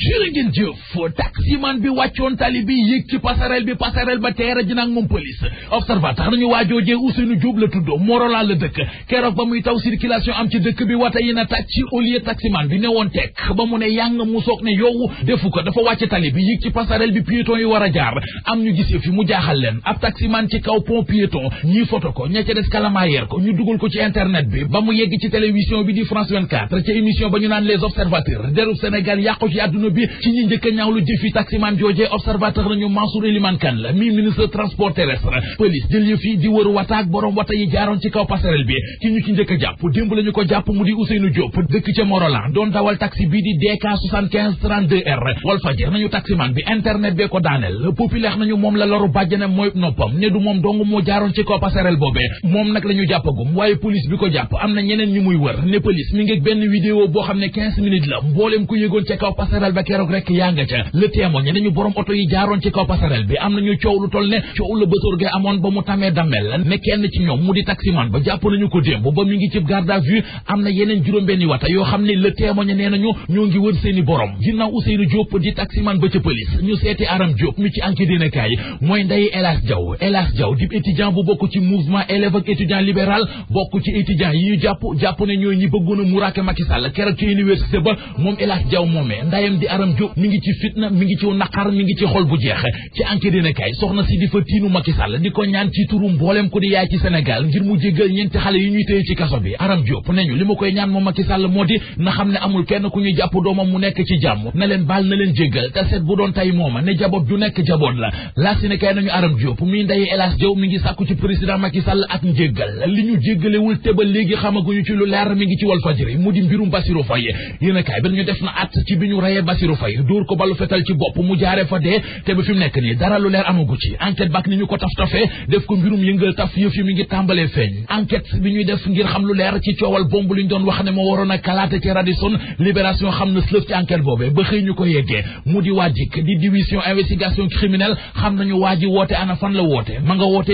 jërë ngeen jëf taximan bi wàccoon tali bi yéeg ci bi passerelle ba teera ji nag moom police observateur nañu waajoojee Ousseynou Diop la tuddoo Morolan la dëkk keroog ba muy taw circulation am ci dëkk bi wata yi na tàcc bi ne woon tekk ba mu ne yàng mu soog yow defu ko dafa wàcc tali bi yéeg ci passerelle bi piéton yi war jaar am ñu gis fi mu jaaxal leen ab taximan ci kaw pont piéton ñii foto ko ña ca des ko ñu dugal ko ci internet bi àdduna bi ci ñi njëkk a ñaawlu jëfi taximan joojee observateur nañu Mansour Eliman Kane la mi ministre transport terrestre police jël yëf yi di wër wata ak wata yi jaaroon ci kaw passerelle bi ki ñu ci njëkk a jàpp démb la ko jàpp mu di Ousseynou Diop dëkk ca Morolan doon dawal taxi bii di DK 75 32 R Walfadjri nañu taximan bi internet bee ko daaneel populaire nañu moom la loru bàjjanam mooy noppam ne du moom dong moo jaaroon ci kaw passerelle boobee passerelle ba keroog rek yaa nga ca le témoin nañu borom oto yi jaaroon ci kaw passerelle bi am nañu coow lu toll ne coow la bësoor ga amoon ba mu tamee dammel ne kenn ci ñoom mu di taximan ba jàpp nañu ko démb ba mu ngi ci garde à vue am na yeneen juróom-benni wata yoo xam ne le témoin nee nañu ñoo ngi wër seeni borom ginnaaw Ousseynou Diop di taximan ba ca police ñu seeti Aram Diop ñu ci enquête mooy nday Elas Diaw Elas Diaw di étudiant bu a keneen di Aram Diop mi ngi ci fitna mi ngi ci naqar mi ngi ci xol bu jeex ci enquête dina kay soxna si di fa tiinu Macky Sall di ko ñaan ci turu mboolem ku di yaay ci Sénégal ngir mu jéggal ñeenti xale yi ñuy téye ci kaso bi Aram Diop nañu li ma koy ñaan moom Macky Sall moo di na xam ne amul kenn ku ñuy jàpp doomam mu nekk ci jàmm na leen baal na leen jéggal te seet bu doon tay mooma ne jaboot ju nekk jaboot la laa si ne kay nañu Aram Diop muy ndey Elas Diop ba jàppee Bassirou Faye dóor ko balu fetal ci bopp mu jaare fa dee te ba fi nekk nii dara lu leer amagu ci enquête bak ni ñu ko taf tafee def ko mbirum yëngal taf yëf yi mi ngi tàmbalee feeñ enquête bi ñuy def ngir xam lu leer ci coowal bomb li ñu doon wax ne moo waroon a kalaate ci Radisson libération xam na slëf ci enquête boobee ba xëy ñu ko yeggee mu di waa di division investigation criminelle xam nañu waa ji woote ana fan la woote ma nga woote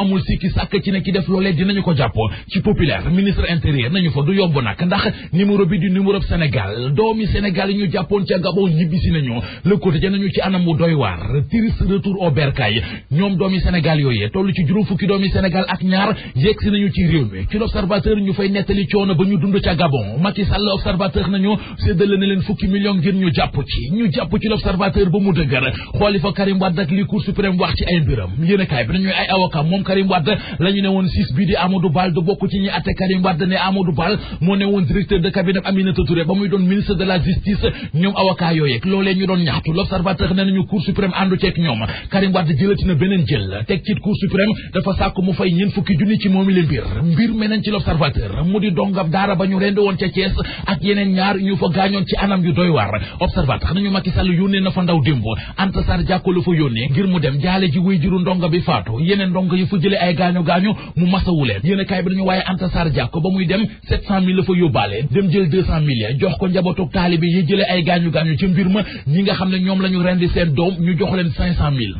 amul sikki sàkk ci ne ki def loolee dinañu ko jàpp ci populaire ministre intérieur nañu fa du yomb nag ndax numéro bi di numéro Sénégal doomi Sénégal yi ñu jàppoon ca Gabon ñibbisi nañu le quotidien nañu ci anam wu doy waar triste retour au bercail ñoom doomi Sénégal yooyee toll ci juróom fukki doomi Sénégal ak ñaar yegsi nañu ci réew mi ci l'observateur ñu fay nettali coono ba ñu dund ca Gabon Macky Sall observateur nañu séddale na leen fukki million ngir ñu jàpp ci ñu jàpp ci l'observateur ba mu dëgër xooli Karim Wade ne woon siis bi di Amadou Bal du bokk ci ñi atte Karim Wade ne Amadou Bal moo ne woon directeur de cabinet Aminata Touré ba muy doon ministre de la justice ñoom avocat yooyeeg loolee ñu doon ñaxtu l'observateur nee nañu cour suprême àndu ceeg ñoom Karim Wade beneen jël teg ci cour suprême dafa sàkk mu fay ñeen fukki junni ci moomi le mbir mbir meneen ci l'observateur mu di dongab daara ba ñu rendi woon ca Thiès fa jëlee ay gaañu gaañu mu masawu leen yéen a kaay bi dañu waaye Anta Sarr Diako ba muy dem 700000 la fa yóbbaale dem jël 200000 ya jox ko njabootu taalibe yi jëlee ay gaañu gaañu ci mbir ma ñi nga xam ne ñoom la ñu rendi seen doom ñu jox leen 500000.